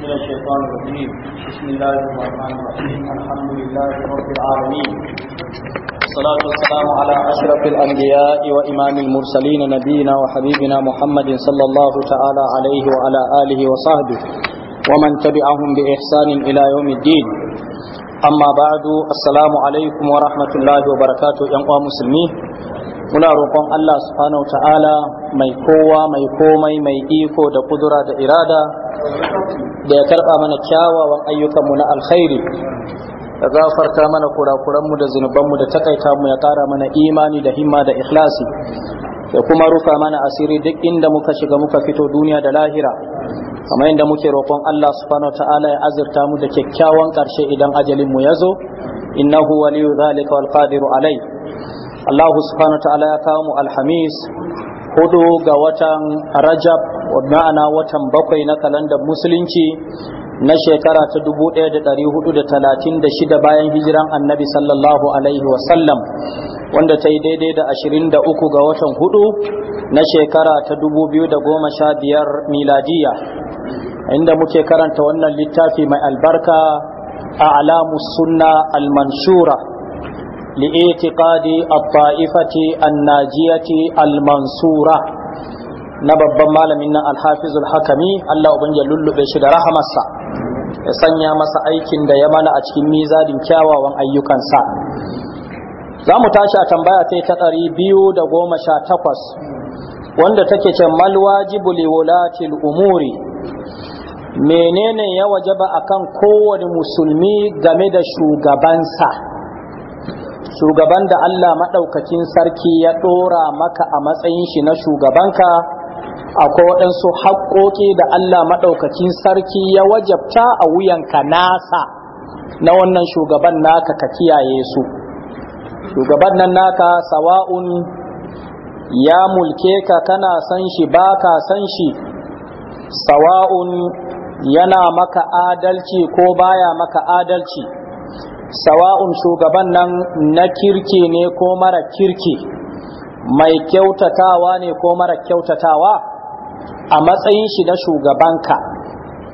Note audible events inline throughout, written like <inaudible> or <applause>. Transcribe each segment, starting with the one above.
من الشيطان الرجيم بسم الله الرحمن الرحيم الحمد لله رب العالمين والصلاة والسلام على أشرف الأنبياء وإمام المرسلين نبينا وحبيبنا محمد صلى الله تعالى عليه وعلى آله وصحبه ومن تبعهم بإحسان إلى يوم الدين amma ba'du assalamu alaikum wa rahmatullahi wa barakatuh yan uwa musulmi muna roƙon Allah subhanahu ta'ala mai kowa mai komai mai iko da kudura da irada da ya karba mana kyawawan ayyukanmu na alkhairi ya gafarta mana kurakuranmu da zunubanmu da takaita mu ya kara mana imani da himma da ikhlasi ya kuma rufa mana asiri duk inda muka shiga muka fito duniya da lahira kamar inda muke roƙon Allah subhanahu ta'ala ya azurta mu da kyakkyawan ƙarshe idan ajalin mu ya zo innahu waliyu zalika wal qadiru alai Allah subhanahu ta'ala ya kawo mu alhamis hudu ga watan rajab ma'ana watan bakwai na kalandar musulunci na shekara ta 1436 bayan hijiran annabi sallallahu alaihi wasallam wanda ta yi daidai da 23 ga watan hudu na shekara ta 2015 miladiya inda muke karanta wannan littafi mai albarka a alamu sunna al-mansura li'itiqadi at-ta'ifati an-najiyati al-mansura na babban malamin nan al-hafiz hakami Allah ubangiji lullube shi rahamarsa ya sanya masa aikin da ya mana a cikin mizadin kyawawan ayyukansa za mu tashi a tambaya sai ta ɗari biyu da goma sha takwas wanda take ce malwajibu liwulatil umuri menene ya wajaba akan kowane musulmi game da shugabansa shugaban da Allah maɗaukakin sarki ya ɗora maka a matsayin shi na shugabanka akwai waɗansu haƙoƙi da Allah maɗaukakin sarki ya wajabta a wuyanka nasa na wannan shugaban naka ka kiyaye su shugaban nan naka sawa'un ya mulke ka kana san shi ba ka san shi sawa'un yana maka adalci ko baya maka adalci sawa'un shugaban nan na kirki ne ko mara kirki mai kyautatawa ne ko mara kyautatawa a matsayin shi na shugabanka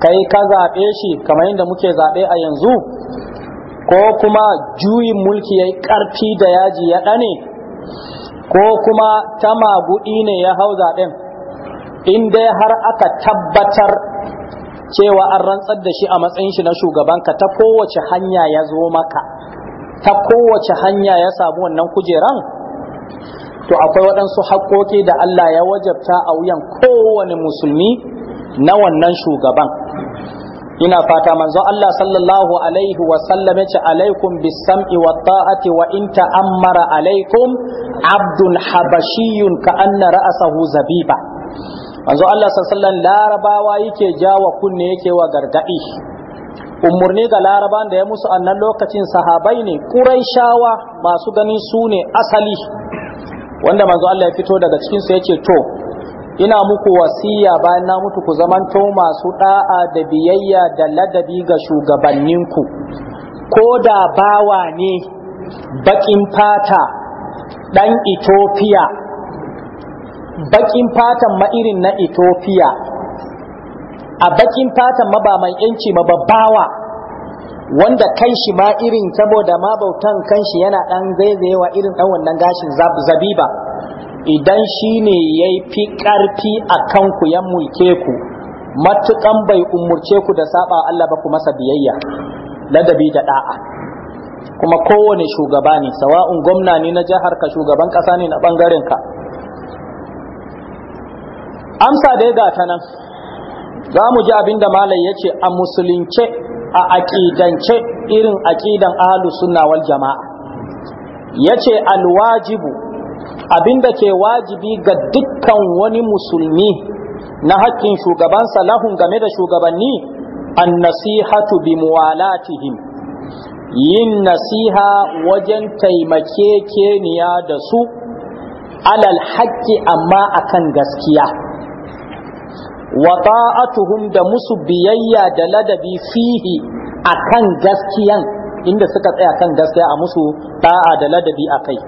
kai ka zaɓe shi kamar yadda muke zaɓe a yanzu ko kuma juyin mulki ya yi ƙarfi da yaji ya ɗane ko kuma ta maguɗi ne ya hau zaɓen in dai har aka tabbatar cewa an rantsar da shi a matsayin shi na shugabanka ta kowace hanya ya zo maka ta kowace hanya ya samu wannan kujeran to akwai waɗansu haƙoƙi da Allah ya wajabta a wuyan kowane musulmi na wannan shugaban ina fata manzo Allah sallallahu alaihi wa sallam yace alaikum bisam'i sam'i ta'ati wa in ta'ammara alaikum abdun habashiyun ka anna zabiba manzo Allah sallallahu larabawa yake jawa kunne yake wa gargadi umurni ga laraban da ya musu annan lokacin sahabai ne quraishawa masu ganin su ne asali wanda manzo Allah ya fito daga cikin su yace to ina muku wasiya bayan na mutu ku zaman zamanto masu da'a da biyayya da ladabi ga shugabannin ku. ko da bawa ne bakin fata dan Ethiopia bakin fatan ma irin na Ethiopia a bakin fatan ma ba mai yanci ma babbawa wanda kan shi ma irin saboda mabautan kan shi yana dan zaizayewa irin dan wannan gashin zabiba idan shi ne ya fi ƙarfi a kanku ya mulke ku matuƙan bai umurce ku da saba Allah ba ku masa biyayya ladabi da da'a kuma kowane shugaba ne sawa'un gwamna ne na jihar ka shugaban ƙasa ne na bangaren ka amsa dai ya ta nan za mu ji abin da malai ya ce a musulunce a aƙidance irin aƙidan ahalus suna wal jama'a ya ce alwajibu abin da ke wajibi ga dukkan wani musulmi na haƙƙin shugaban lahun game da shugabanni an nasihatu bi muwalatihim yin nasiha wajen taimake keniya da su alal haƙƙi amma akan gaskiya wa ta'atuhum da musu biyayya da ladabi fihi akan gaskiyan inda suka tsaya kan gaskiya a musu ta'a da ladabi akai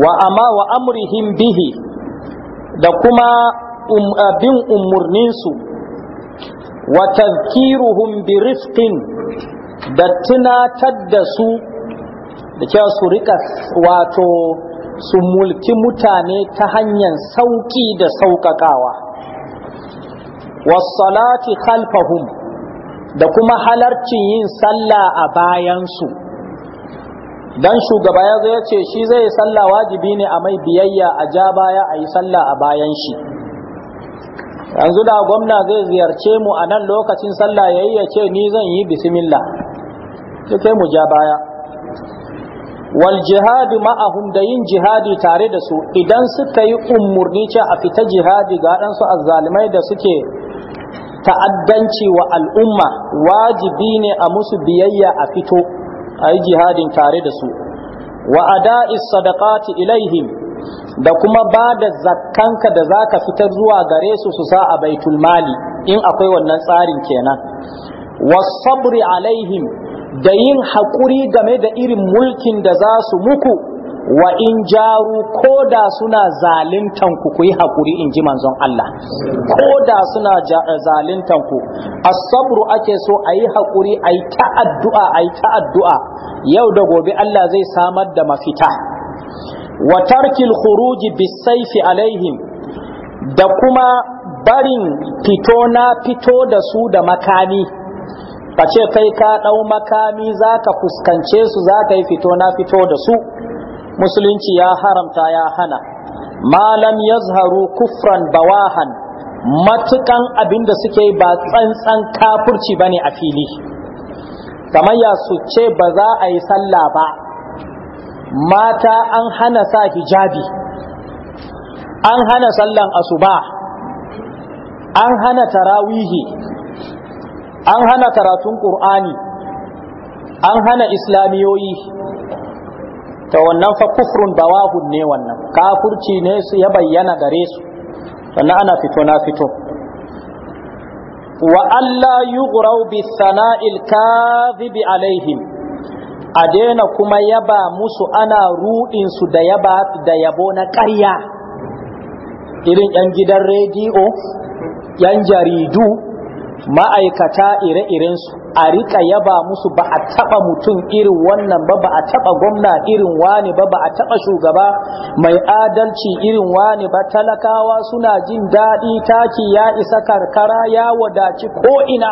wa ama wa amrihim bihi da kuma bin umurninsu wa tazkiruhum bi rifqin da tunatar da su da cewa su rika wato su mulki mutane ta hanyar sauki da sauƙaƙawa wasalati khalfahum da kuma halarcin yin sallah a bayansu dan shugaba ya zai ce shi zai sallah wajibi ne a mai biyayya a ja baya a yi sallah a bayan shi yanzu da gwamna zai ziyarce mu a nan lokacin sallah ya yi ya ce ni zan yi bismillah kai mu ja baya wal jihadi ma'ahum da yin jihadi tare da su idan suka yi umarni ce a fita jihadi ga ɗansu azzalimai da suke ta'addanci wa al'umma wajibi ne a musu biyayya a fito a yi jihadin tare da su wa ada'is sadaqati ilaihim da kuma ba da zakkanka da zaka fitar zuwa gare su su sa a baitul mali in akwai wannan tsarin kenan wasabri alaihim da yin haƙuri game da irin mulkin da za su muku wa in jaru ko da suna zalintan ku ku yi haƙuri in ji manzon Allah ko da suna eh, zalintan ku asabru ake so a yi haƙuri a yi ta'addu'a a yi ta'addu'a yau da gobe Allah zai samar da mafita wa tarkil khuruji bisayfi alaihim da kuma barin fito na fito da su da makami ka ce kai ka ɗau makami za ka fuskance su za ka yi fito na fito da su musulunci ya haramta ya hana malam yazharu kufran bawahan matukan abinda suke ba tsantsan kafurci ne a fili kamar su ce ba za a yi sallah ba mata an hana sa hijabi an hana sallan asuba an hana tarawihi an hana karatun qur'ani an hana islamiyoyi to wannan fa kufrun bawahun ne wannan kafurci ne su ya bayyana gare su sannan ana fito na fito wa Allah yughraw bi sana'il kadhib alaihim a daina kuma yaba musu ana ruɗin su da yaba da yabo na ƙarya irin yan gidan rediyo yan jaridu ma'aikata ire-irensu a rika yaba musu ba a taba mutum irin wannan ba ba a taba gwamna irin wani ba ba a taba shugaba mai adalci irin wani ba talakawa suna jin daɗi taki ya isa karkara ya wadaci ko'ina?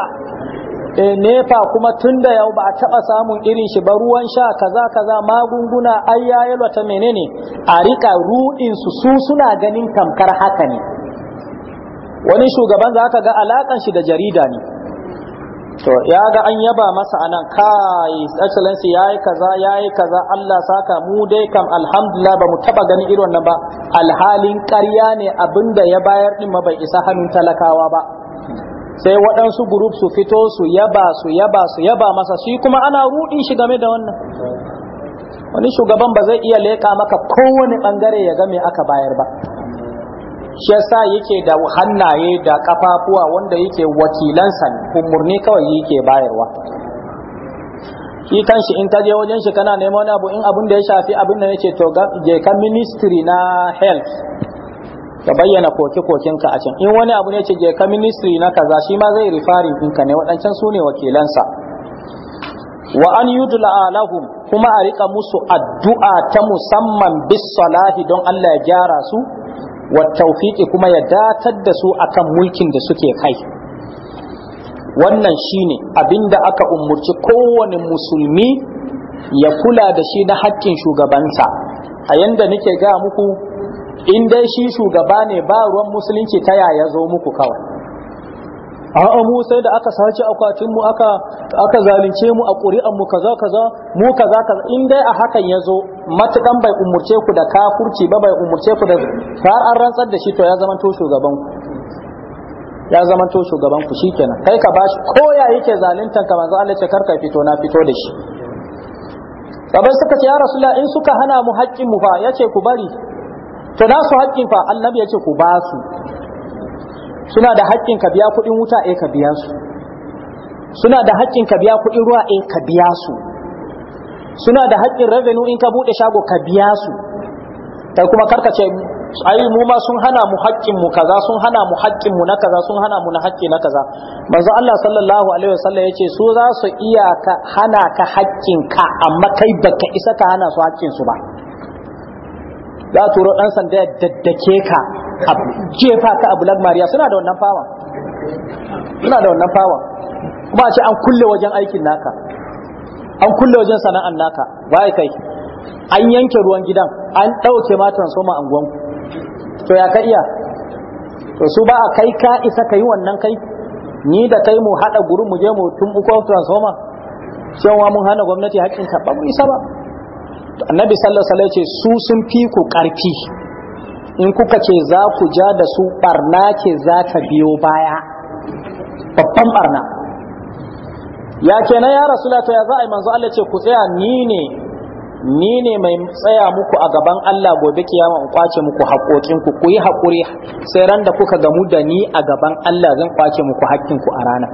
ina e nefa kuma tun da yau ba a taɓa samun irin shi ba ruwan sha kaza kaza magunguna ai ya mene menene a rika ruɗin su su suna ganin tamkar haka ne wani shugaban za ka ga alakan shi da jarida ne to ya ga an yaba masa anan kai excellency yayi kaza yayi kaza Allah saka mu dai kam alhamdulillah ba mu taba gani irin wannan ba alhalin ƙarya ne abinda ya bayar din ma bai isa hannun talakawa ba sai waɗansu group su fito su yaba su yaba su yaba masa shi kuma ana rudin shi game da wannan wani shugaban ba zai iya leƙa maka kowane bangare ya ga me aka bayar ba shi yasa yake da hannaye da kafafuwa wanda yake wakilansa umarni kawai yake bayarwa shi kanshi in ka je wajen shi kana neman wani abu in abin da ya shafi abin da yake to je ka ministry na health ka bayyana koke-koken ka a can in wani abu ne ce je ka ministry na kaza shi ma zai in ka ne waɗancan su ne wakilansa wa an yudla alahum kuma a rika musu addu'a ta musamman bis salahi don Allah ya gyara su wa tawfiqi kuma ya datar da su akan mulkin da suke kai wannan shine da aka umurci kowane musulmi ya kula da shi na hakkin shugabansa a yanda nake ga muku in dai shi shugaba ne ba ruwan musulunci ta yaya zo muku kawai a'a mu sai da aka sace akwatin mu aka aka zalunce mu a ƙuri'an mu kaza kaza mu kaza kaza in dai a hakan yazo matukan bai umurce ku da kafurci ba bai umurce ku da har an rantsar da shi to ya to shugaban ku ya to shugaban ku shikenan kai ka bashi ya yake zaluntan ka manzo Allah kar ka fito na fito da shi sabai suka ce ya rasulullah in suka hana mu haƙƙin mu fa yace ku bari to da su haƙƙin fa annabi yace ku ba su suna da haƙƙin ka biya kuɗin wuta eh ka biya su suna da haƙƙin ka biya kuɗin ruwa eh ka biya su suna da haƙƙin revenue in ka buɗe shago ka biya su kai kuma karkace ai mu ma sun hana mu haƙƙin mu kaza sun hana mu haƙƙin mu na kaza sun hana mu na haƙƙi na kaza manzo Allah sallallahu alaihi wasallam yace su za su iya ka hana ka haƙƙin ka amma kai baka isa ka hana su haƙƙin su ba za turo dan sanda ya daddake ka a jefa ka a black maria suna da wannan fawa suna da wannan fawa kuma a ce an kulle wajen aikin naka an kulle wajen sana'an naka ba kai an yanke ruwan gidan an ɗauke ma transformer anguwanku to ya ka iya to su ba a kai ka isa ka yi wannan kai ni da kai mu haɗa guri mu je mu tun uku transformer cewa mun hana gwamnati haƙƙin ka mu isa ba annabi sallallahu alaihi wasallam ce su sun fi ku ƙarfi in kuka ce za ku ja da su barna ke za ta biyo baya babban barna ya na ya rasula to ya za a yi manzo Allah ce ku tsaya ni ne ni ne mai tsaya muku a gaban Allah gobe kiyama in kwace muku haƙoƙinku ku yi haƙuri sai ran da kuka gamu da ni a gaban Allah zan kwace muku haƙƙinku a rana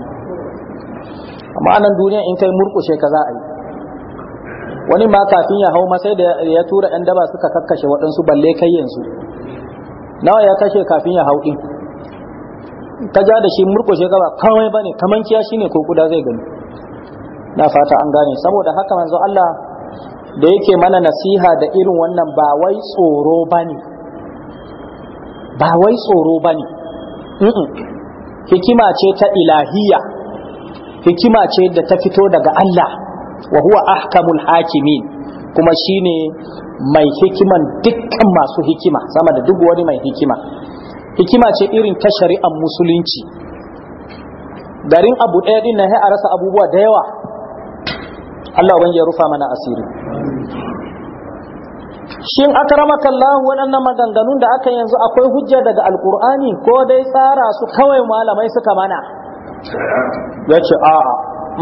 amma anan duniya in kai murƙushe ka za a yi wani ma kafin ya hau ma sai da ya tura 'yan daba suka kakkashe waɗansu balle kai yanzu nawa ya kashe kafin ya hau din ka ja da shi murkushe gaba kawai bane kaman kiya ne ko guda zai gani na fata an gane saboda haka manzo Allah da yake mana nasiha da irin wannan ba wai tsoro bane ba wai tsoro bane hikima ce ta ilahiya hikima ce da ta fito daga Allah wa huwa ahkamul hakimin kuma shine mai hikiman dukkan masu hikima sama da duk wani mai hikima hikima ce irin ta shari'ar musulunci garin abu ɗaya din na a rasa abubuwa da yawa Allah wani ya rufa mana asiri shin akramaka Allah waɗannan maganganun da aka yanzu akwai hujja daga alkur'ani ko dai tsara su kawai malamai suka mana yace a'a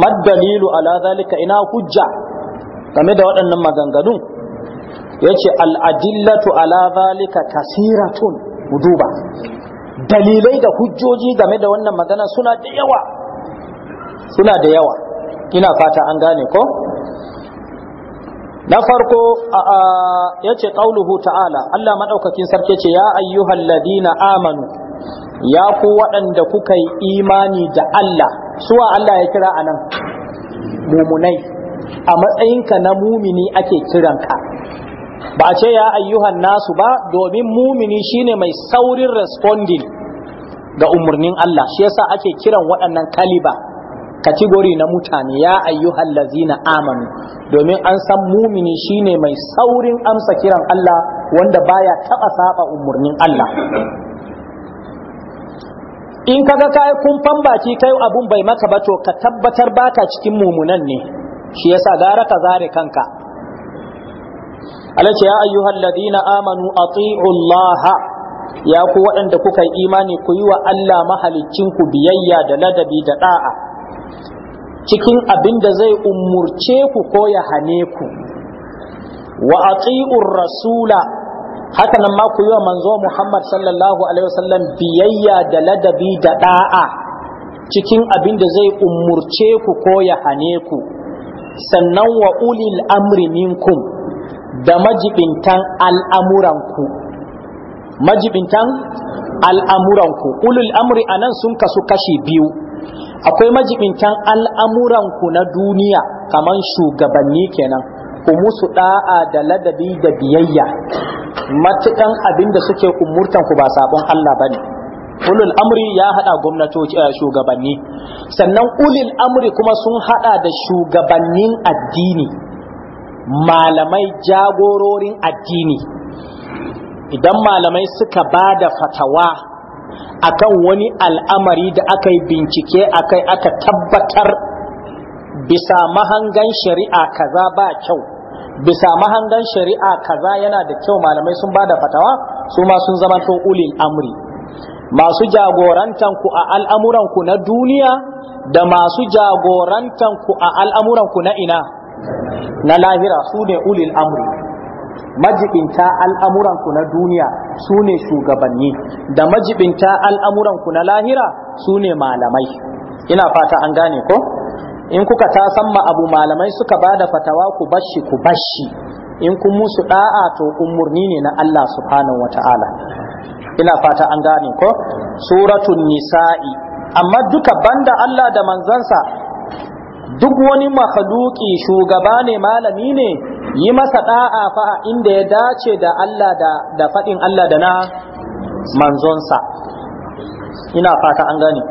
mad dalilu ala zalika ina hujja game da waɗannan maganganun yace al'adillatu ala zalika kasiratun duba dalilai da hujjoji game da wannan magana suna da yawa suna da yawa ina fata an gane ko na farko yace qauluhu ta'ala Allah madaukakin sarki ce ya ayyuhal ladina amanu ya ku waɗanda kuka yi imani da Allah suwa Allah ya kira anan mumunai a matsayinka na mumini ake kiranka ba a ce ya ayyuhan nasu ba domin mumini shine mai saurin responding ga umarnin Allah shi yasa ake kiran waɗannan kaliba kategori na mutane ya ayyuhan lazina amanu domin an san mumini shine mai saurin amsa kiran Allah wanda baya taɓa saba umarnin Allah in kaga kai kumfan baki kai abun bai maka ba to ka tabbatar baka cikin mumunan ne shi yasa gara ka zare kanka Allah ce ya ayyuhal ladina amanu ati'u Allah ya ku waɗanda kuka yi imani ku yi wa Allah mahalicin ku biyayya da ladabi da da'a cikin abin da zai umurce ku ko ya hane ku wa ati'ur rasula haka nan ma ku yi wa manzo Muhammad sallallahu alaihi wasallam biyayya da ladabi da da'a cikin abin da zai umurce ku ko ya hane ku sannan wa ulil amri minkum da majibintan al'amuranku majibintan al'amuranku ulul amri a nan sun kasu kashi biyu akwai majibintan al'amuranku na duniya kamar shugabanni kenan kuma su ɗa'a da ladabi da biyayya abin da suke umurtanku ba sabon Allah ba ne ulul amri ya haɗa gwamnatoci a eh, shugabanni sannan ulul amri kuma sun haɗa da shugabannin addini malamai jagororin addini idan malamai suka ba da fatawa akan wani al'amari da aka yi bincike akai aka tabbatar bisa mahangan shari'a kaza ba kyau bisa mahangan shari'a kaza yana da kyau malamai sun ba da fatawa su ma sun zama to ulil amri masu jagorantanku a al'amuranku na duniya da masu jagorantanku a al'amuranku na ina na lahira su ne ulil amri majibinta al'amuranku na duniya su ne shugabanni da majibinta al'amuranku na lahira su ne malamai ina fata an gane ko in kuka ta samma abu malamai suka ba da fatawa ku bashi ku bashi in kun musu da'a to umurni ne na Allah subhanahu wa ta'ala. ina fata an gane ko suratul nisa'i amma duka banda Allah da manzansa duk wani makhluki shugaba ne malami ne yi masa ɗa'a fa inda ya dace da Allah da faɗin Allah da na manzonsa ina fata an gani.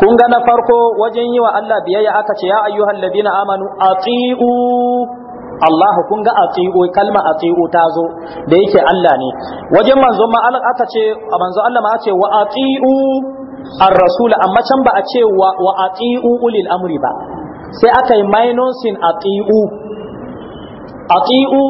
kun ga na farko wajen yi wa Allah biyayya aka ce ya ayyuhal ladina amanu atiu Allah kun ga atiu kalma atiu ta zo da yake Allah ne wajen manzon ma aka ce manzon Allah ma ce wa atiu ar-rasul amma can ba a ce wa atiu ulil amri ba sai aka yi minosin ati'u ati'u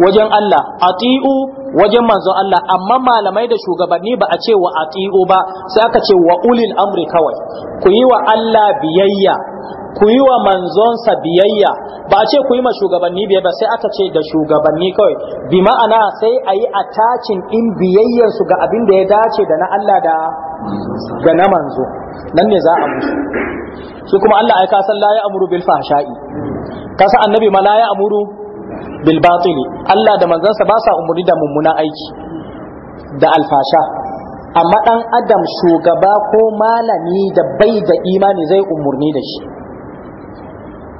wajen Allah ati'u wajen manzon Allah amma malamai da shugabanni ba a ce wa ati'u ba sai aka ce wa ulil amri kawai ku yi wa Allah biyayya ku yi wa manzonsa biyayya ba a ce ku yi ma shugabanni biyayya ba sai aka ce da shugabanni kawai bi ma'ana sai a yi attachin in biyayyarsu ga abin da ya dace da na Allah da ga na manzo nan ne za a musu su kuma Allah ai kasan la ya amuru bil fahsha'i kasa annabi ma la ya amuru bil batili Allah da manzansa ba sa umurni da mummunan aiki da alfasha amma dan adam shugaba ko malami da bai da imani zai umurni da shi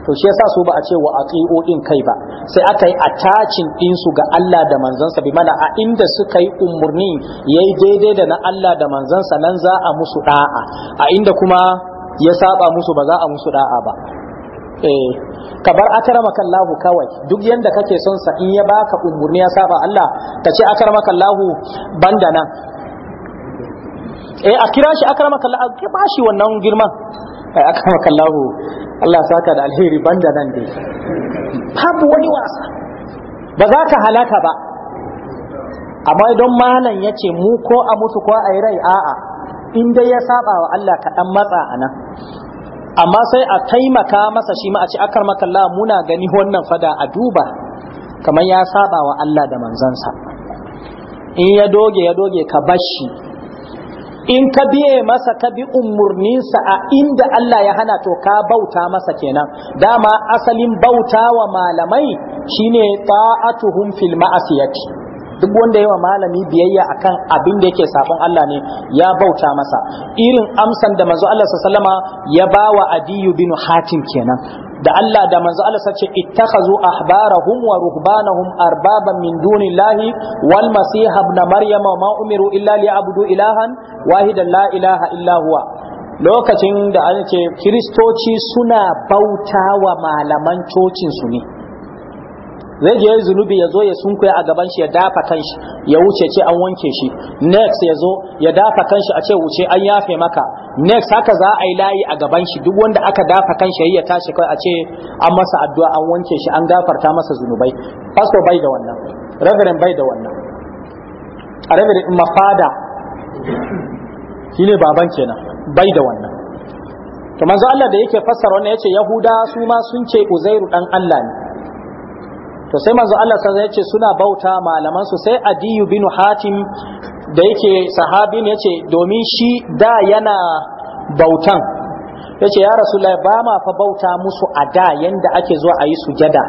to shi yasa su ba a ce wa aqi'u din kai ba sai aka yi attaching din su ga Allah da manzansa bi mana a inda suka yi umurni yayi daidai da na Allah da manzansa nan za a musu da'a a inda kuma ya saba musu ba za a musu da'a ba eh kabar akramakallahu kawai duk yanda kake son sa in ya baka umurni ya saba Allah ka ce akramakallahu banda nan eh a kira shi akramakallahu ke ba shi wannan girman ai aka maka lahu Allah saka da alheri banda nan dai babu wani wasa ba za ka halaka ba amma idan malam ya ce mu ko a mutu ko a yi rai a'a in dai ya saba wa Allah kaɗan matsa a nan. amma sai a taimaka masa shi ma a ci akar maka Allah muna gani wannan fada a duba kamar ya saba wa Allah da manzansa in ya doge ya doge ka bashi in ka biye masa ka bi umurninsa a inda Allah ya hana to ka bauta masa kenan dama asalin bauta wa malamai shine ta'atuhum fil ma'asiyati duk wanda yawa malami biyayya akan abin da yake sabon Allah ne ya bauta masa irin amsan da manzo Allah sallama ya bawa Adiyu bin Hatim kenan da Allah da manzo Allah sace ittakhazu ahbarahum wa ruhbanahum arbaban min dunillahi wal masiha ibn maryama ma umiru illa liya'budu ilahan wahidan la ilaha illa huwa lokacin da an ce kiristoci suna bauta wa malaman cocin su ne zai je zunubi ya zo ya sunkuya a gaban shi ya dafa kanshi ya wuce ce an wanke shi next ya zo ya dafa kanshi a ce wuce an yafe maka next haka za a yi layi a gaban shi duk wanda aka dafa kanshi ya tashi kai a ce an masa addu'a an wanke shi an gafarta masa zunubai pastor bai da wannan reverend bai da wannan a reverend mafada shine baban kenan bai da wannan to manzo Allah da yake fassara wannan yace yahuda su ma sun ce uzairu dan Allah ne to sai manzo Allah sai ya ce suna bauta malaman su sai adiyu bin hatim da yake sahabi ne yace domin shi da yana bautan yace ya rasulullahi ba ma fa bauta musu a da yanda ake zuwa ayi sujada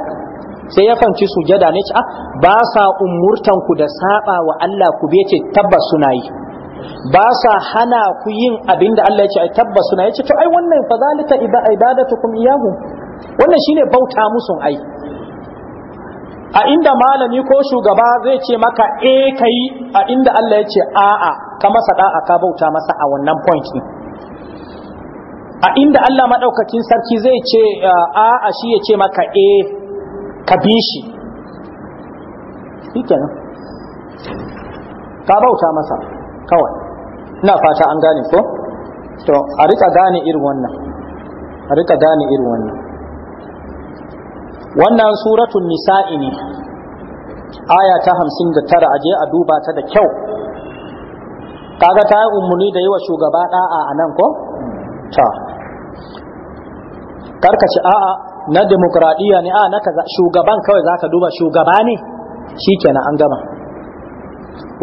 sai ya fanci sujada ne ce ah ba sa umurtan ku da saba wa Allah ku be ce tabbas suna yi ba sa hana ku yin abinda Allah ya ce ai tabbas suna yace to ai wannan fa zalika ibadatukum iyahu wannan shine bauta musu ai a inda malami ko shugaba zai ce maka ka eh, kai a inda Allah ya ce a'a ka masa da'a ka bauta masa a wannan point ne. a inda Allah madaukakin sarki zai ce a'a shi ya ce maka A eh, ka bi shi shikenan ka bauta masa kawai ina fata an gane ko to a rika gane irin wannan a rika gane irin wannan wannan suratun nisa'i ne aya ta hamsin da tara aje a duba ta da kyau kaga ta yi umarni da yi wa shugaba ɗa'a a nan ko? ta karkace a'a na demokradiyya ne a na kaza shugaban kawai za ka duba shugaba ne Shi kenan an gama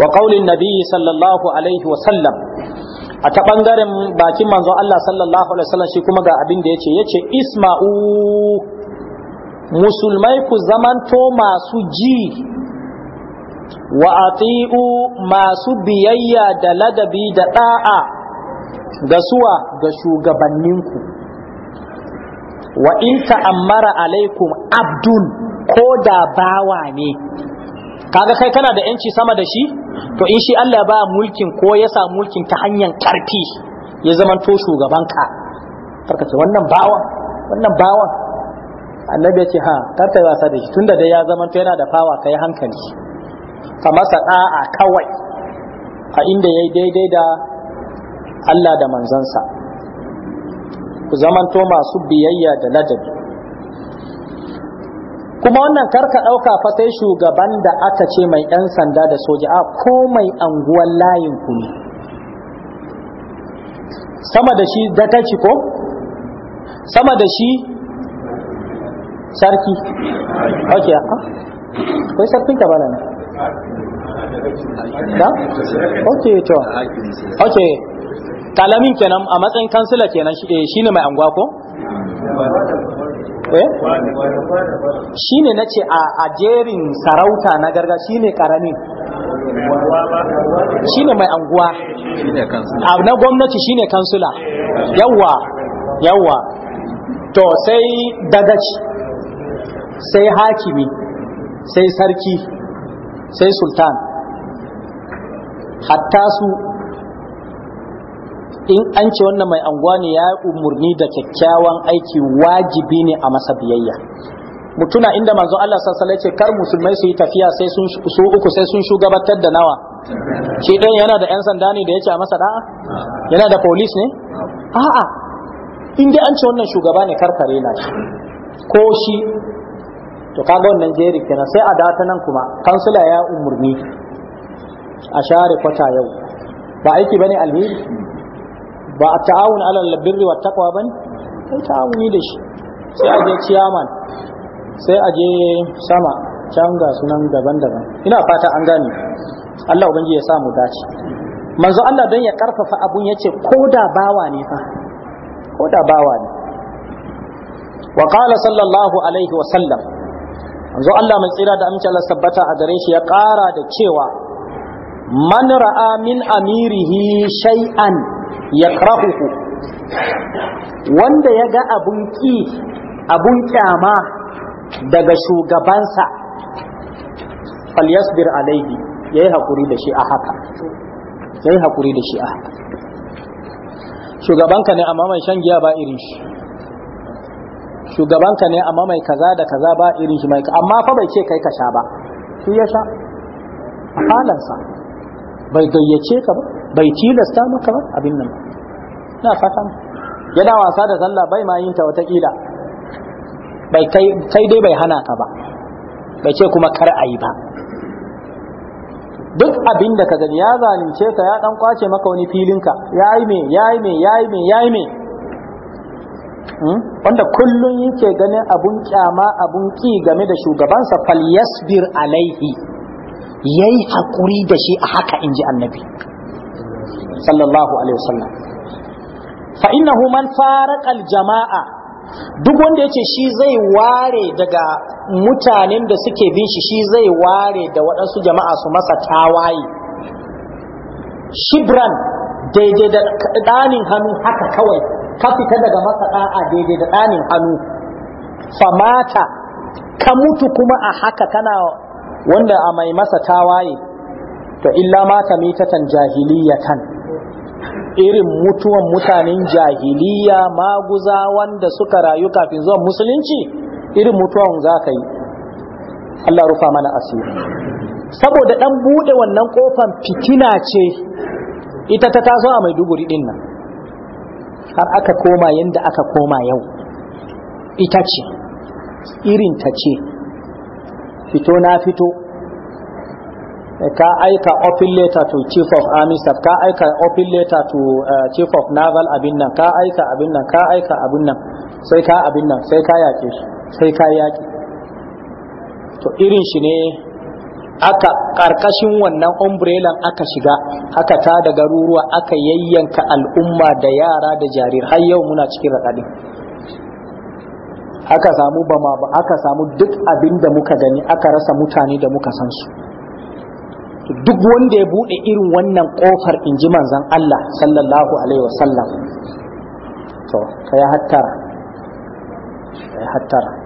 wa ƙaunin nabiyyi sallallahu alaihi wa sallam a ta ɓangaren bakin manzo Allah sallallahu alaihi wa sallam shi kuma ga abin da ya yace isma'u musulmai ku zamanto masu ji wa ati'u masu biyayya da ladabi da ɗa'a, ga suwa ga shugabanninku wa in ta'ammara alaikum Abdul, ko da bawa ne kaga kai kana da yanci sama da shi to in shi Allah ba mulkin ko ya sa mulkin ta hanyar karfi ya zamanto shugabanka farkace wannan bawan wannan bawan annabi ya ce ha ka yi wasa da shi tunda dai ya zama to yana da fawa kai hankali ka masa da'a kawai a inda yayi daidai da Allah da manzansa ku zamanto masu biyayya da ladabi kuma wannan karka ɗauka fa sai shugaban da aka ce mai 'yan sanda da soja a ko mai anguwan layin ku ne sama da shi dakaci ko sama da shi sarki ok ah. akwai sarkin kabala ne da? ok to ok kalamin kenan a matsayin kansila kenan shi eh, ne mai anguwa ko? Eh? shi ne na ce a jerin sarauta na garga shi ne karamin shi ne mai anguwa na gwamnati shi ne yawwa yawwa to sai dagaci sai hakimi sai sarki sai sultan hatta su in an ce wannan mai anguwa ne ya umurni da kyakkyawan aiki wajibi ne a masa biyayya mutuna inda manzo Allah sassala ce kar musulmai su yi tafiya sai sun su uku sai sun shugabantar da nawa shi dan yana da yan sanda ne da yake a masa da'a yana da police ne a'a in dai an ce wannan shugaba ne kar kare na shi ko shi to kaga wannan jeri kenan sai a data nan kuma kansula ya umurni a share kwata yau ba aiki bane alheri ba a ta'awun alal birri wa taqwa bane kai ta'awuni da shi sai a je ciyaman sai a je sama can ga sunan daban-daban ina fata an gane Allah ubangiji ya samu dace manzo Allah don ya karfafa abun yace ko da bawa ne fa ko da bawa ne wa qala sallallahu alaihi wa sallam manzo Allah mai tsira da amince Allah sabbata a gare shi ya ƙara da cewa man ra'a min amirihi shay'an yakrahuhu wanda ya ga abun ki abun kyama daga shugabansa falyasbir alaihi yayi hakuri da shi a haka yayi hakuri da shi a haka shugabanka ne amma mai shan giya ba irin shi shugabanka ne amma mai kaza da kaza ba irin shi mai amma fa bai ce kai ka sha ba shi ya sha a halansa bai gayyace ka ba bai tilasta maka ba abin nan na fatan yana wasa da sallah bai ma yin ta kila bai kai kai dai bai hana ka ba bai ce kuma kar ayi ba duk abin da ka gani ya zalunce ka ya dan kwace maka wani filinka yayi me yayi me yayi me yayi me Hmm? wanda kullum yake ganin abun kyama abun ki game da shugabansa yasbir alaihi yayi hakuri da shi a haka inji annabi sallallahu alaihi wasallam fa innahu man faraqa jamaa duk wanda yace shi zai ware daga mutanen da suke bin shi shi zai ware da waɗansu jama'a su masa tawaye shibran daidai da ɗanin hannu haka kawai ka fita daga masa a daidai da ɗanin hannu famata ka mutu kuma a haka kana wanda a mai masa tawaye to illa mata mitatan jahiliyatan irin mutuwan mutanen jahiliya maguza wanda suka rayu kafin zuwan musulunci irin mutuwan za ka yi Allah rufa mana asiri saboda dan bude wannan kofan fitina ce ita ta taso a mai maiduguri din nan har aka koma yadda aka koma yau ita ce irin ta ce fito na fito ka aika open letter to chief of army staff ka aika open letter to eh, chief of naval abin nan ka aika abin nan ka aika abin nan sai ka abin nan sai ka yaƙe sai ka yaƙi to irin shi ne aka ƙarƙashin wannan umbrellan aka shiga aka ta da garuruwa aka yayyanka al'umma da yara da jarir har yau muna cikin raɗaɗin aka samu ma ba aka samu duk abin da muka gani aka rasa mutane da muka san su duk wanda ya buɗe irin wannan ƙofar inji manzon Allah sallallahu alaihi wasallam to kai hattara kai hattara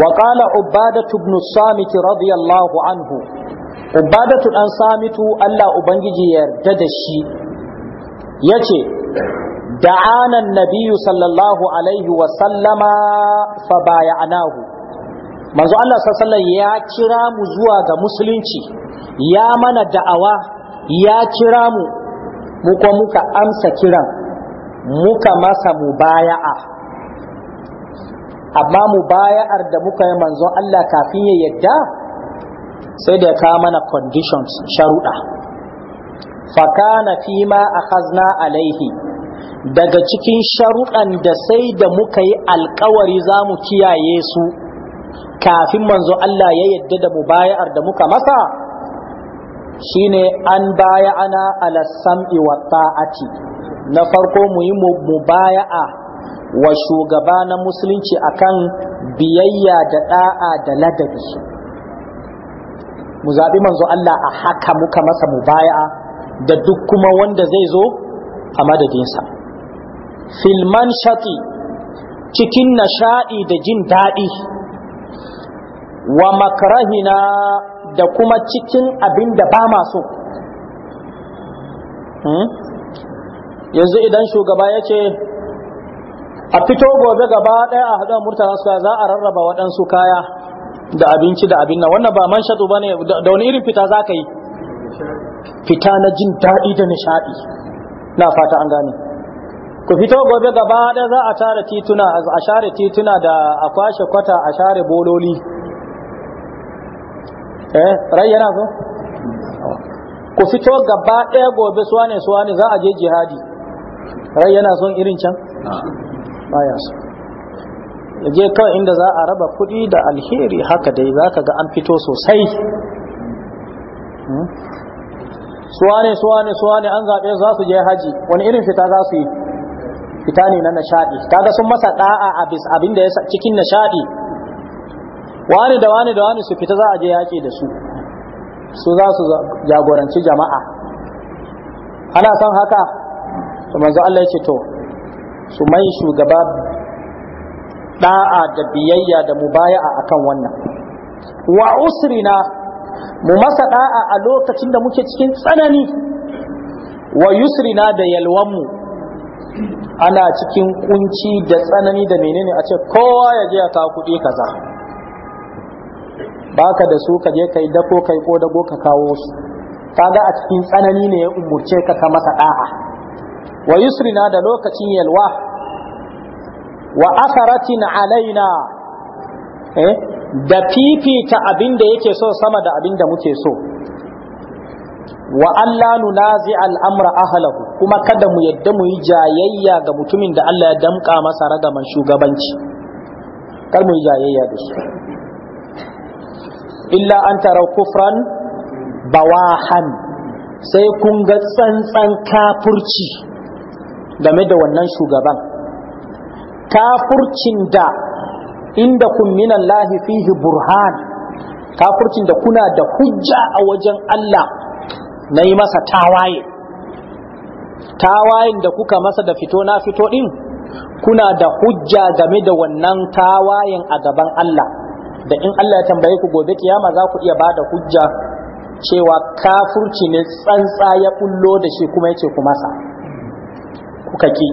وقال عبادة بن الصامت رضي الله عنه عبادة أن صامت ألا أبنجي يرددشي يتي دعانا النبي صلى الله عليه وسلم فبايعناه manzo Allah sallallahu alaihi ya kira mu zuwa ga musulunci ya mana da'awa ya kira mu muka muka amsa kiran muka masa mubaya'a amma mubaya'ar da muka yi manzon Allah kafin ya yadda sai da ya kawo mana conditions sharuɗa fakana fi ma akhazna alaihi daga cikin sharuɗan da sai da muka yi alkawari za mu kiyaye su kafin manzo Allah ya yadda da mubaya'ar da muka masa shine an baya'ana ala sam'i wa ta'ati na farko mu yi mubaya'a wa shugaba na musulunci akan biyayya da da'a da ladabi mu zaɓi manzo Allah a haka muka masa mu baya da duk kuma wanda zai zo a madadinsa filman shati cikin nashaɗi da jin daɗi wa makarahina da kuma cikin abin da ba maso hmm? yanzu idan shugaba ya ce a fito gobe gaba ɗaya a haɗa murtala suka za a rarraba waɗansu kaya da abinci da abin nan wannan ba man shaɗu ba ne da wani irin fita za ka yi fita na jin daɗi da nishaɗi na fata an gane ku fito gobe gaba ɗaya za a tara tituna a share tituna da a kwashe kwata a share bololi eh rai yana zo ku fito gaba ɗaya gobe suwane suwane za a je jihadi rai yana son irin can baya su je kawai inda za a raba kudi da alheri haka dai za ka ga an fito sosai hmm? suwane suwane suwane an zaɓe za su je haji wani irin fita za su yi fita ne na nishaɗi kaga sun masa ɗa'a a bis abin da ya cikin nishaɗi wani da wani da wani su fita za a je yaƙi da su su za su jagoranci jama'a ana son haka to manzo Allah ya ce to su mai shugaba da'a da biyayya da mubaya'a akan wannan wa usrina mu masa da'a a lokacin da muke cikin tsanani wa yusrina da yalwanmu ana cikin kunci da tsanani da menene a ce kowa ya je ya kawo kuɗi kaza baka da su ka je kai dako kai ko dago ka kawo su kaga a cikin tsanani ne ya umurce ka ka masa da'a wa yusrina da lokacin yalwa wa asaratin alaina eh, da fifita abin da yake so sama da abin da muke so wa Allah nazi al'amra ahalahu kuma kada mu yadda mu yi jayayya ga mutumin da Allah ya damƙa masa ragaman shugabanci kar mu yi jayayya da su illa an tarau kufran bawahan sai kun ga tsantsan kafurci game da wannan shugaban kafurcin da inda kun lahi fihi burhan kafurcin da kuna da hujja a wajen Allah na yi masa tawaye tawayen da kuka masa da fito na fito din kuna da hujja game da wannan tawayen a gaban Allah da in Allah ya tambaye ku gobe kiyama za ku iya ba da hujja cewa kafurci ne tsantsa ya bullo da shi kuma yace ku masa kuka ki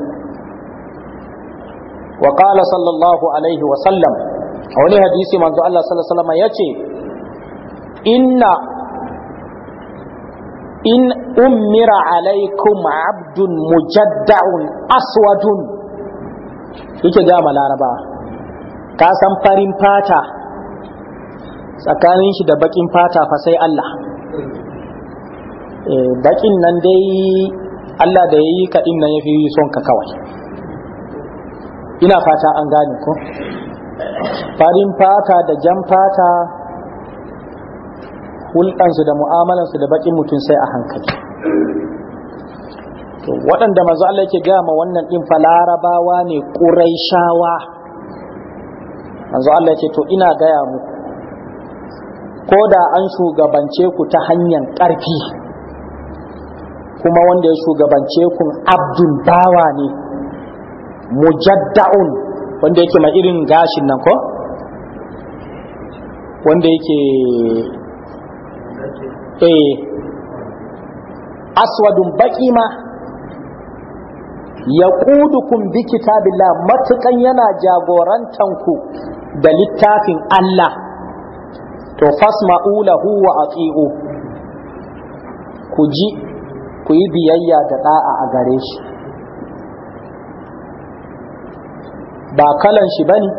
wa qala sallallahu alaihi wa sallam a wani hadisi manzo Allah sallallahu alaihi wasallam yace inna in ummira alaikum abdun mujadda'un aswadun yake ga malaraba ka san farin fata tsakanin shi da bakin fata fa sai Allah eh, bakin nan dai Allah da ya yi din nan yafi son ka kawai ina fata an gane ko farin fata da jan fata hulɗansu da mu'amalansu da baƙin mutum sai a hankali to waɗanda mazu Allah yake gaya wannan ɗin fa larabawa ne shawa mazu Allah yake to ina gaya muku ko da an shugabance ku ta hanyar ƙarfi kuma wanda ya shugabance kun abdun bawa ne mujadda'un wanda yake mai irin gashin nan ko wanda yake eh aswadun baki ma ya kudukun bi kitabila matukan yana jagorantanku da littafin Allah to fasma'u lahu wa aqi'u ku ji ku yi biyayya da ɗa'a a gare shi ba kalan shi bane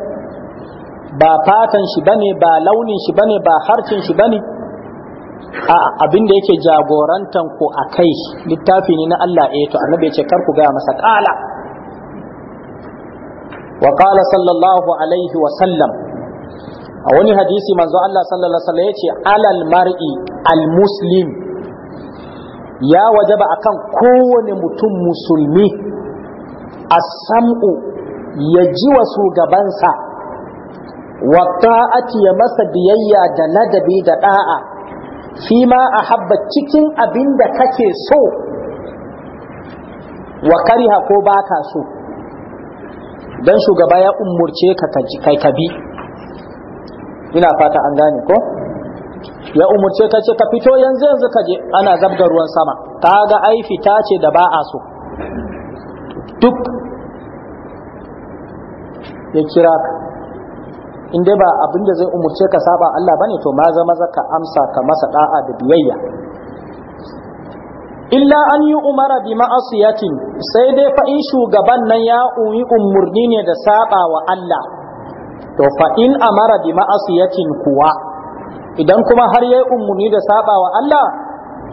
ba fatan shi bane ba launin shi bane ba harcin shi bane a abin da yake jagorantan ku a kai littafi ne na Allah eh to annabi ya ce kar ku gaya masa kala wa qala sallallahu alaihi wa sallam a wani hadisi manzo Allah sallallahu alaihi wa sallam yace alal mar'i al muslim ya wajaba kan kowane mutum musulmi a samu ya ji wa shugabansa wa ta'ati ya masa biyayya da ladabi da ɗa'a fi ma a habba cikin abin da kake so wa kariha ko baka so don shugaba ya umurce ka kai ka bi ina fata an gane ko ya umurce ka ce ka fito yanzu yanzu ka je ana zabga ruwan sama kaga ai fita ce da ba a so duk ya kira ka in ba abin da zai umurce ka saba Allah bane to ma zama zaka amsa ka masa da'a da biyayya illa an yi umara bi ma'asiyatin sai dai fa in shugaban nan ya uyi umurni ne da saba wa Allah to fa in amara bi ma'asiyatin kuwa idan kuma har yayi ummuni da saba wa Allah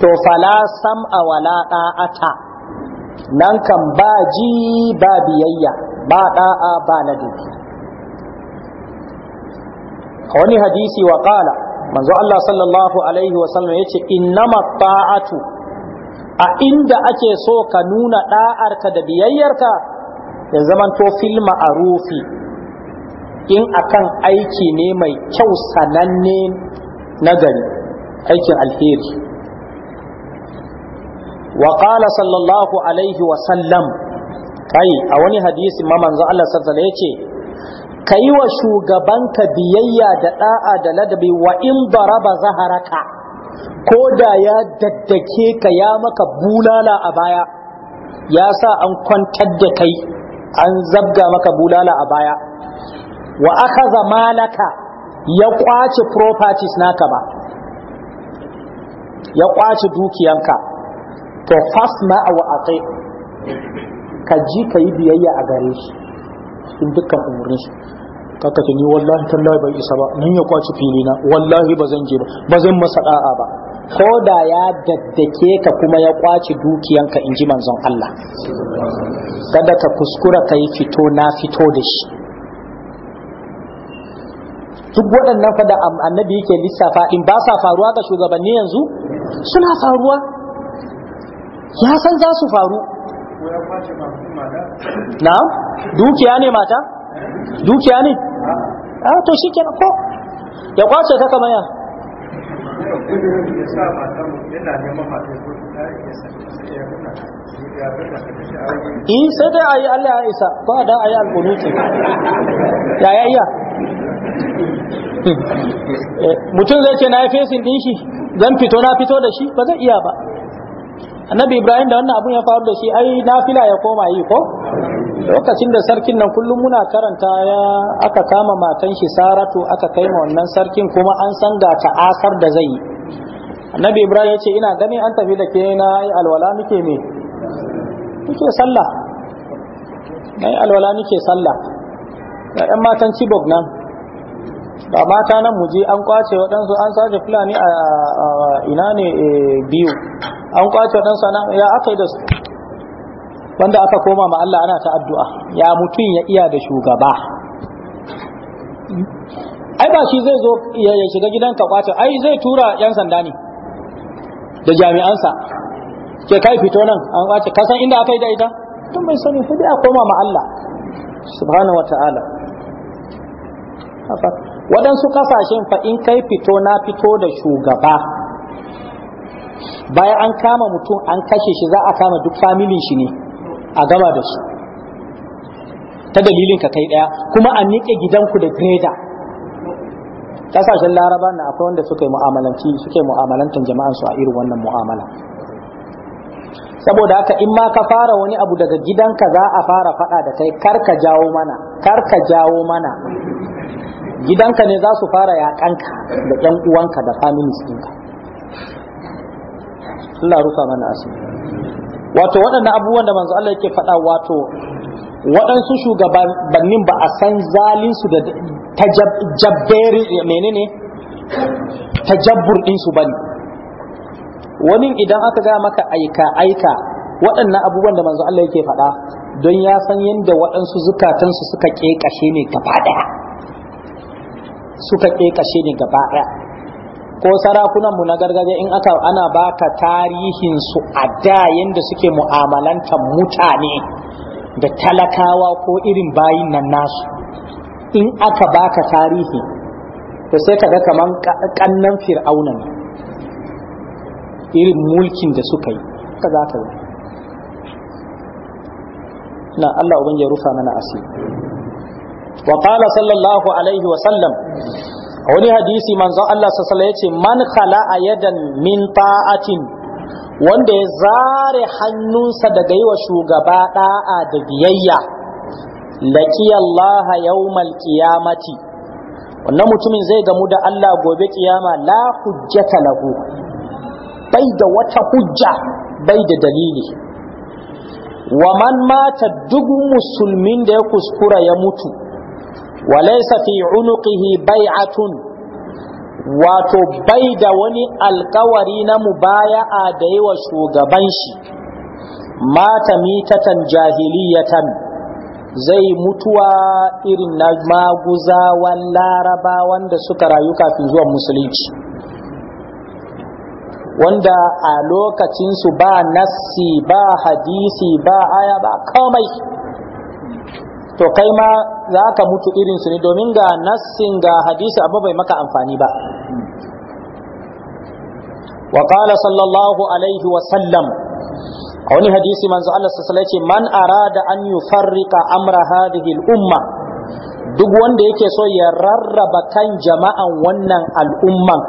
to fala sam wala da'ata nan kan ba ji ba biyayya ba da'a ba ladabi wani hadisi wa qala manzo Allah sallallahu alaihi wa sallam yace innama ta'atu a inda ake so ka nuna da'arka da biyayyarka ya zamanto fil ma'rufi in akan aiki ne mai kyau sananne nagari aikin alheri wa qala sallallahu alaihi wa sallam kai a wani hadisi ma manzo Allah sallallahu alaihi kai wa shugabanka biyayya da da'a da ladabi wa in daraba zaharaka ko da ya daddake ka ya maka bulala a baya ya sa an kwantar da kai an zabga maka bulala a baya wa aka zama naka. ya kwace properties naka ba ya kwace dukiyanka to fasma a aqi ka ji ka yi biyayya a gare shi in dukkan umarni shi kaka ni wallahi tallahi bai isa ba nan ya kwace fili na wallahi ba zan je ba ba zan masa ɗa'a ba ko da ya daddake ka kuma ya kwace dukiyanka in ji manzon Allah kada ka kuskura ka yi fito na fito da shi duk waɗannan fa da annabi yake lissafa in ba sa faruwa ga shugabanni yanzu suna faruwa ya san za su faru na dukiya ne mata dukiya ne a ah, to shi ke ko ya kwace ta kamar ya in eh, sai dai a Allah ya isa ko a da yi alƙunuti ya ya iya mutum zai ce na yi fesin ɗin shi zan fito na fito da shi ba zai iya ba annabi ibrahim da wannan abun ya faru da shi ai na fila ya koma yi ko lokacin da sarkin nan kullum muna karanta ya aka kama matan shi saratu aka kai ma wannan sarkin kuma an san ga ta'asar da zai yi annabi ibrahim ya ce ina gani an tafi da ke na yi alwala muke me nike sallah na yi alwala muke sallah ya matan cibok nan ba mata nan mu je an kwace waɗansu an sace fulani a ina ne eh, biyu an kwace waɗansu ya aka yi da su wanda aka koma ma Allah ana ta addu'a ya mutum ya iya da shugaba ai ba shi zai zo ya shiga gidan ka kwace ai zai tura yan sanda ne da jami'ansa ke kai fito nan an kwace kasan inda aka yi da ita tun mai sani sai a koma ma Allah subhanahu wa ta'ala waɗansu ƙasashen fa in kai fito na fito da shugaba bayan an kama mutum an kashe shi za a kama duk familin shi ne a gaba da shi. ta dalilin ka kai ɗaya kuma an niƙe gidanku da greda ƙasashen laraba na akwai wanda suka yi mu'amalanci suke mu'amalantar jama'an su a irin wannan mu'amala saboda haka in ma ka fara wani abu daga gidanka za a fara faɗa da kai kar ka jawo mana kar ka jawo mana gidanka ne za su fara yaƙanka da ƴan uwanka da families ɗinka Allah rufa mana asiri wato waɗannan abubuwan da manzo Allah yake faɗa wato waɗansu shugabannin ba a san zalinsu da tajabberi menene tajabbur ɗinsu bane wani idan aka gaya maka aika aika waɗannan abubuwan da manzo Allah yake faɗa don ya san yadda waɗansu zukatansu suka ƙeƙashe ne gaba daya suka kashe ni gaba ɗaya ko sarakunanmu na gargajiya in aka ana baka tarihin su a da yanda suke mu'amalantar mutane da talakawa ko irin bayin nan nasu in aka baka tarihi to sai ka ga kaman kannan fir'auna ne irin mulkin da suka yi ka za ka yi na Allah ubangiji rufa mana asiri wa qala sallallahu alaihi wa sallam a wani hadisi manzon Allah Sassala ya ce, man khala'a ayadan min ta'atin wanda ya zare hannunsa daga yi wa shugaba ɗa'a da biyayya laqiya Allah yawmal qiyamati wannan mutumin zai gamu da Allah gobe ƙiyama, la hujjata lahu bai da wata hujja bai da dalili wa man mata duk musulmin da ya kuskura ya mutu wa laysa fi unuqihi wato bai da wani alkawari na mubaya'a da yi shugaban shi mata mitatan jahiliyatan zai mutuwa irin na maguzawan laraba wanda suka rayu kafin zuwa musulunci wanda a lokacinsu ba nassi ba hadisi ba aya ba komai to kai ma za ka mutu irin su ne domin ga nassin ga hadisi abu bai maka amfani ba wa qala sallallahu alaihi wa sallam a wani hadisi manzo Allah sallallahu man arada an yufarrika amra hadhihi al-umma duk wanda yake so ya rarraba kan jama'an wannan al'umman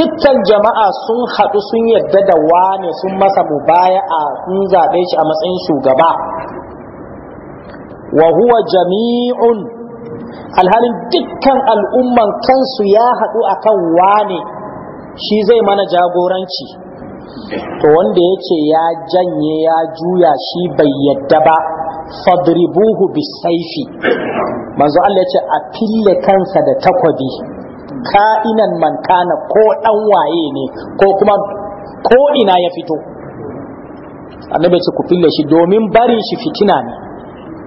dukkan jama'a sun hadu sun yadda da wane sun masa mubaya'a sun zaɓe shi a matsayin shugaba wa huwa jami'un alhalin dukkan al'umman kansu ya haɗu akan wane shi zai mana jagoranci to wanda yace ya janye ya juya shi bai yadda ba fadribuhu bisaifi manzo Allah yace a fille kansa da takwabi ka'inan man kana ko ɗanwaye waye ne ko kuma ko ina ya fito annabi ce ku fille shi domin barin shi fitina ne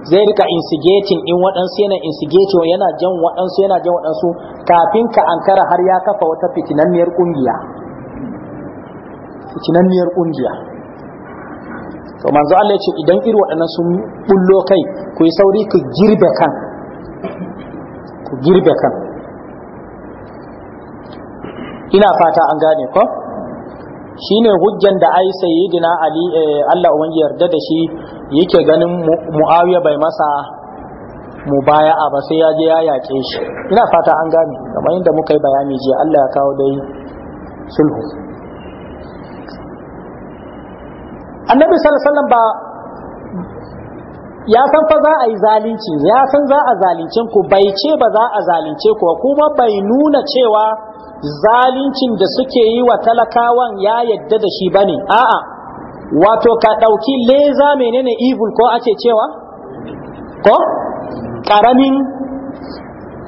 zai rika instigating in waɗansu yana instigating yana jan waɗansu yana jan waɗansu kafin ka ankara har ya kafa wata fitinanniyar ƙungiya fitinanniyar ƙungiya to manzo Allah ya ce idan irin waɗannan sun bullo kai ku yi sauri ku girbe kan ku girbe kan ina fata an gane ko shine hujjan da ai sayyidina ali eh, Allah ubangi yarda da shi yake ganin muawiya bai masa mubaya'a ba sai ya je ya yake shi ina fata an gane kamar yadda muka yi bayani jiya Allah ya kawo dai sulhu annabi sallallahu alaihi wasallam ba ya san fa za a yi zalunci ya san za a zalunce ku bai ce ba za a zalunce ku kuma bai nuna cewa zalincin da suke yi wa talakawan ya yadda da shi bane a'a wato ka ɗauki leza menene evil ko ake cewa ko ƙaramin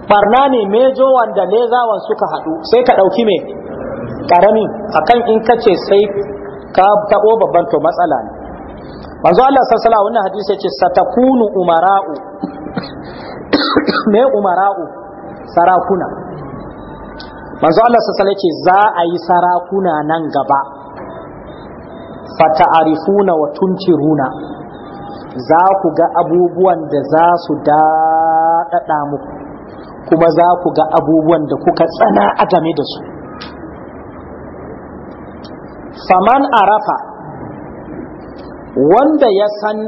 barna ne mejo wanda lezawan suka haɗu sai ka ɗauki me ƙaramin akan in kace sai ka taɓo babban to matsala ne manzo Allah sallallahu wannan hadisi yace satakunu umara'u <coughs> me umara'u sarakuna manzo Allah sassale ce za a yi sarakuna nan gaba fata'arifuna wa tunkiruna za ku ga abubuwan da za su daɗaɗa muku kuma za ku ga abubuwan da kuka tsana a game da su faman arafa wanda ya san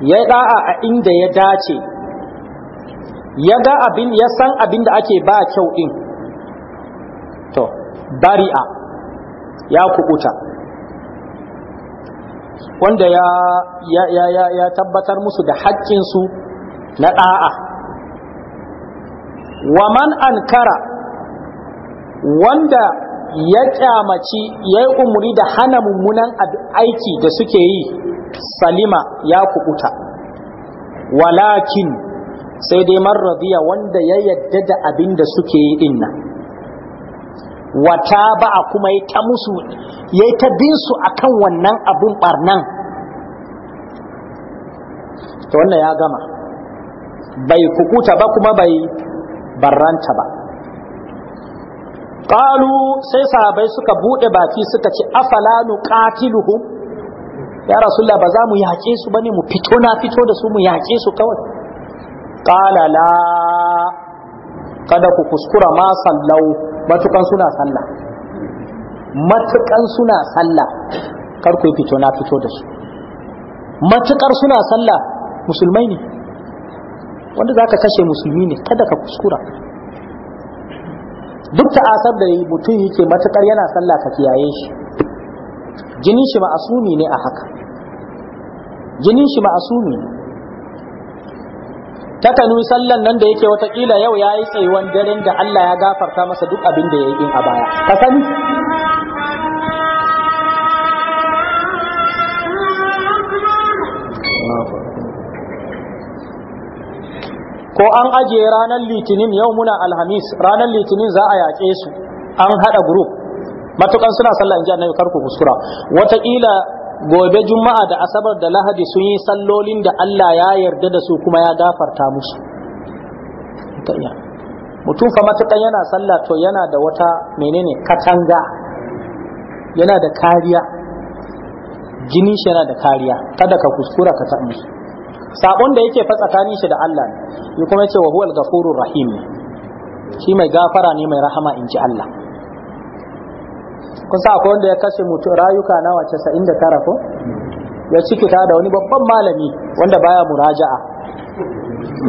ya da'a a inda ya dace ya ga abin ya san abin da ake ba kyau din to bari'a ya kubuta wanda ya ya ya ya, ya tabbatar musu da haƙƙinsu na ɗa'a wa man ankara wanda ya kyamaci ya yi umuri da hana mummunan aiki da suke yi salima ya kubuta walakin sai dai man marradiya wanda ya yadda da abin da suke yi dinnan wata ba a kuma yi ta musu ya yi ta bin su kan wannan abin barnan ta wannan ya gama bai kukuta ba kuma bai barranta ba Ƙalu sai sahabai suka buɗe baki suka ce afala ƙatiluhu ya rasulullah ba za mu yaƙe su ba ne, mu fito na fito da su mu yaƙe su kawai Ƙalala, kada ku kuskura ma sallau matukan suna sallah matukan suna sallah kar ku fito na fito da su matukar suna sallah musulmai ne wanda zaka kashe musulmi ne kada ka kuskura duk ta'asar da mutum yake matukar yana sallah ka kiyaye shi jinin shi ma'asumi ne a haka jinin shi ma'asumi ne takanu sallan nan da yake watakila yau ya yi tsayuwan daren da Allah ya gafarta masa duk abin da ya yi a baya ka sani ko an ajiye ranar litinin yau muna alhamis ranar litinin za a yaƙe su an haɗa group matukan suna sallah in ji annabi karku kuskura wataƙila gobe juma'a da asabar da lahadi sun yi sallolin da Allah ya yarda da su kuma ya gafarta musu mutum fa matuƙan yana sallah to yana da wata menene katanga yana da kariya jini shi yana da kariya kada ka kuskura ka taɓa musu sabon da yake fa tsakanin shi da Allah ne kuma yace wa huwal ghafurur rahim shi mai gafara ne mai rahama in ji Allah kusa akwai wanda ya kashe mutu rayuka nawa 99 ko ya cikita da wani babban malami wanda baya muraja'a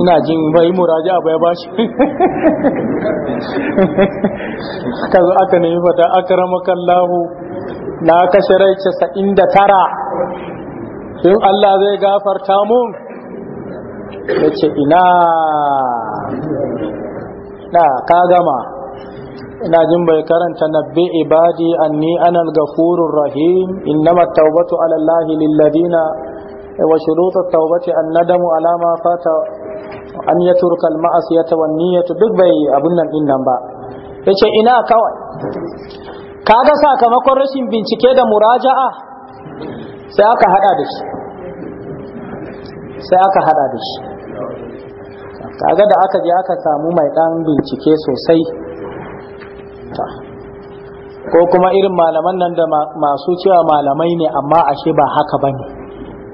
ina jin bai muraja'a bai bashi <laughs> aka zo aka nemi fata akramakallahu na kashe rai 99 sun Allah zai gafarta mun Ya ce ina na ka gama ina jin bai karanta nabbi ibadi anni ana al-ghafurur rahim innama tawbatu ala Allah lil ladina wa shurut at-tawbati an-nadamu ala ma fata an yatruka al-ma'siyata wan niyyatu duk bai abun nan din nan ba yace ina kawai kaga sakamakon rashin bincike da muraja'a sai aka hada da shi sai aka hada da shi kaga da aka je aka samu mai dan bincike sosai ta ko kuma irin malaman nan da masu cewa malamai ne amma ashe ba haka ba ne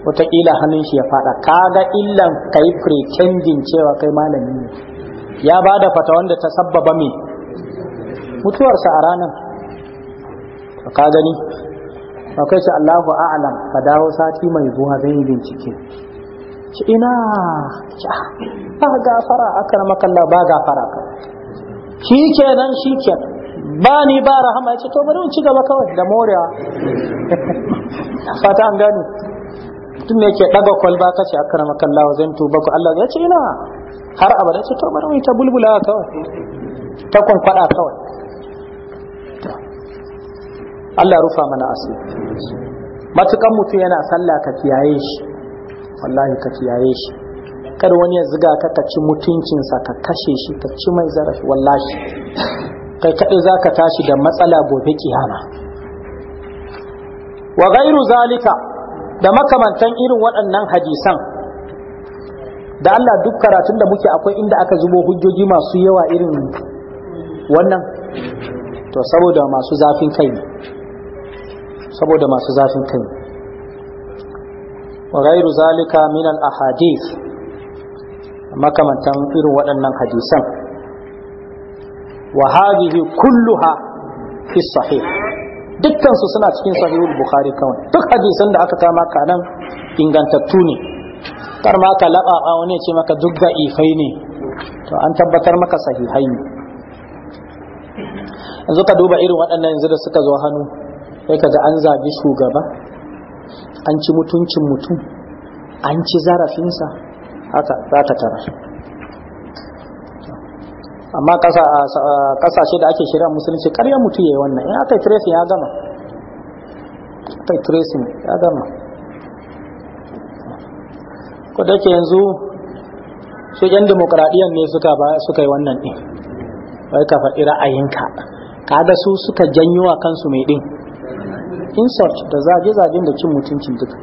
wataƙila hannun shi ya faɗa kaga illan ka yi pretending cewa kai malami ne ya ba da fata wanda ta sabbaba me mutuwarsa a ranar ka gani akwai shi Allahu a'lam ka dawo sati mai zuwa zan yi bincike ki ina ba gafara aka na ba gafara ka shi kenan shi kenan ba ni ba rahama yace to bari in ci gaba kawai da morewa fata an gani. mutum ne ke daga kwalba kace akrama kallahu zan tuba ku Allah yace ina har abada yace to bari in ta bulbula kawai ta kwankwada kawai Allah rufa mana asiri matukan mutum yana sallah ka kiyaye shi wallahi ka kiyaye shi kar wani ya ziga ka ka ci mutuncinsa ka kashe shi ka ci mai zarafi wallahi kai kaɗai za ka tashi da matsala gobe kiyama wa gairu zalika da makamantan irin waɗannan hadisan da Allah duk karatun da muke akwai inda aka zubo hujjoji masu yawa irin wannan to saboda masu zafin kai ne saboda masu zafin kai ne wa gairu zalika min al-ahadith makamantan irin waɗannan hadisan wa hadhihi kulluha fi sahih dukkan su suna cikin sahihul bukhari kawai duk hadisan da aka kama ka nan ingantattu ne kar ma ka laba a wani ce maka duk da ifai ne to an tabbatar maka sahihai ne yanzu ka duba irin waɗannan yanzu da suka zo hannu sai ka ga an zabi shugaba an ci mutuncin mutum an ci zarafinsa haka za ka tara amma kasashe da ake shirya musulunci karya mutu ya yi wannan in aka yi tracing ya gama aka yi tracing ya gama ko da ke yanzu su yan demokradiyyar ne suka ba suka yi wannan din wai ka faɗi ra'ayinka kaga su suka janyo wa kansu mai din insert da zage-zagen da cin mutuncin duka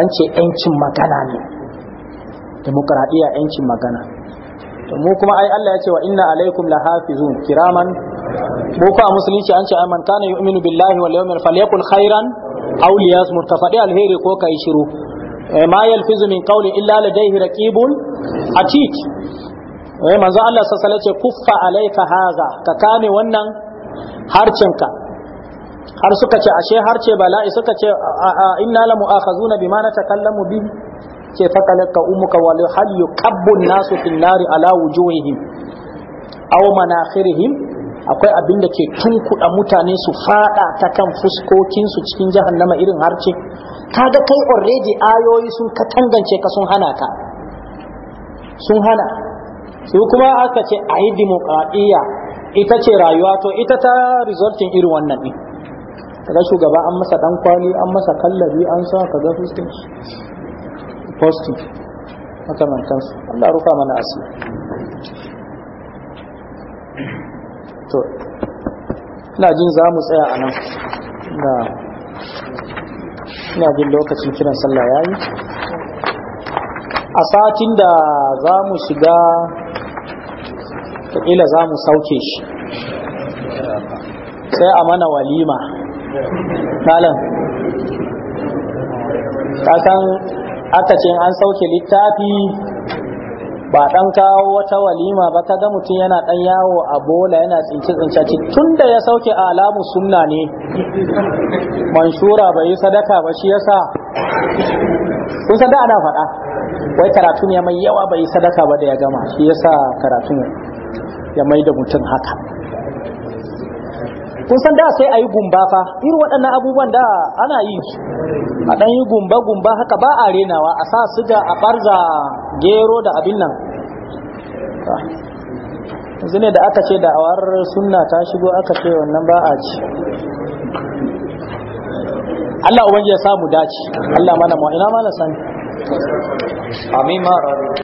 an ce 'yancin magana ne demokradiyya 'yancin magana mu kuma ai Allah ya ce wa inna alaikum lahafizun kiraman mu ko a musulunci an ce man kana yu'minu billahi wal yawmil falyakul khairan aw liyasmut ka alheri ko kai shiru eh, ma yalfizu min qawli illa ladayhi raqibun atid eh manzo Allah sallallahu ce kuffa alayka haza ka kame wannan harcinka har suka ce ashe harce bala'i suka ce inna la mu'akhazuna bima natakallamu bihi ce fakalaka umuka wal hal yukabbu nasu fil nari ala wujuhihim aw manakhirihim akwai abin da ke tunkuɗa mutane su fada ta kan fuskokin su cikin jahannama irin harce kaga kai already ayoyi sun ka tangance ka sun hana ka sun hana su kuma aka ce ayi demokradiyya ita ce rayuwa to ita ta resulting irin wannan din kaga shugaba an masa dan kwali an masa kallabi an sa kaga fuskin nan kansu Allah rufa mana asiri to ina jin za mu tsaya a nan ina jin lokacin kiran sallah ya yi a satin da za mu shiga ƙila za mu sauke shi sai a mana walima malam kakan aka ce an sauke littafi ba dan kawo wata walima ba kaga mutum yana dan yawo a bola yana tsinci tsinci tunda ya sauke alamu sunna ne manshura bai sadaka ba shi yasa kun da ana faɗa wai karatu ya mai yawa bai yi sadaka ba da ya gama shi yasa ne ya mai da mutum haka kun san da sai a yi gumba fa irin waɗannan abubuwan da ana yi a ɗan yi gumba-gumba haka ba a renawa a sa suga a farza gero da abin nan yanzu ne da aka ce da awar sunna ta shigo aka ce wannan ba a ci Allah ubangiji ya samu dace Allah mana mu ina mana sani amin ma